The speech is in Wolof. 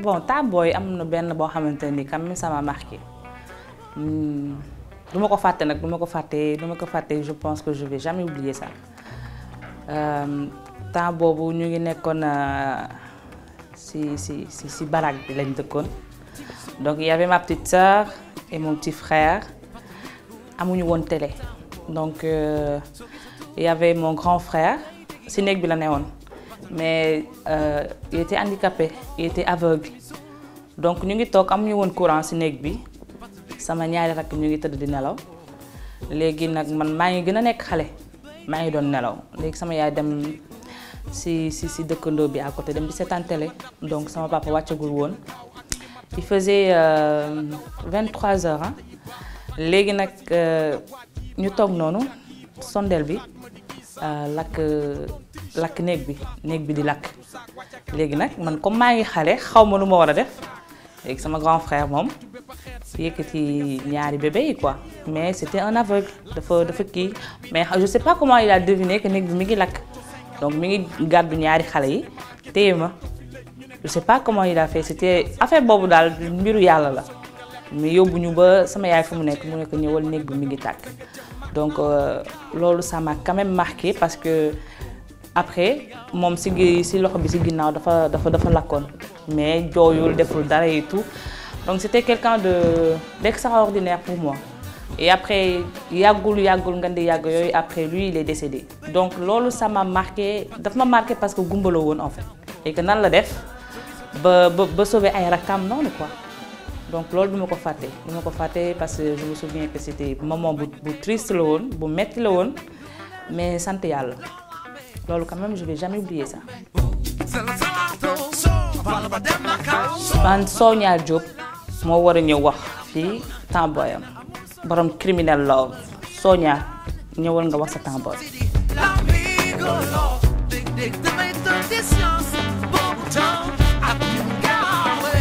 bon Taboy boy, na benn boo xamante ni quand même ça m'a marqué hmm. du ma ko faté nak, duma ko faté, duma ko faté, je pense que je vais jamais oublier ça euh, temps bobu ñu ngi nekkoon euh, si si si si baraag bi lañ dëkkoon donc il y avait ma petite sœur et mon petit frère amuñu won télé donc euh, il y avait mon grand frère si bi la ne mais euh, il était handicapé il était aveugle donc ñu ngi avons eu courant ci nek bi sama ñaari ñu ngi teud di nelaw man ngi ngi nelaw sama si si de bi à côté dem di télé donc sama papa waccagul won. il faisait 23 euh, 23 heures hein. Légui nous euh, ñu Sondel. bi euh, lakk néeg bi néeg bi di lak léegi nag man comme maa ngi xale xaw ma lu ma war a def léegi sama grand frère moom yëkkati ñaari bébé yi quoi mais c' était un aveugle dafa dafa kii mais je sais pas comment il a deviné que néeg bi mi ngi donc mi ngi gàddu ñaari xale yi téye ma je sais pas comment il a fait c' était affaire boobu daal mbiru yàlla la mais yóbbu ba sama yaay fu mu nekk mu nekk ñëwal néeg bi mi ngi tàkk donc euh, loolu ça m'a quand même marqué parce que après moom si si loxo bi si ginnaaw dafa dafa dafa lakkoon mais joyeux, deful dara et tout donc c'était quelqu'un de d'extraordinaire pour moi et après yagoul, yagoul, nga di yàgg après lui il est décédé donc lolo, ça m'a marqué daf ma marqué parce que gumba la en fait et que nan la def ba ba ba sauver ay rakkam quoi donc lolo, du ma ko faté, du ma ko faté parce que je me souviens que c'était moment bu triste la woon bu metti la mais sant yàlla loolu quand même je vais jamais oublier ça. man Sonia Diop moo war a ñëw wax fii Tamboyam borom criminel love Sonia ñëwal nga wax sa Tamboy.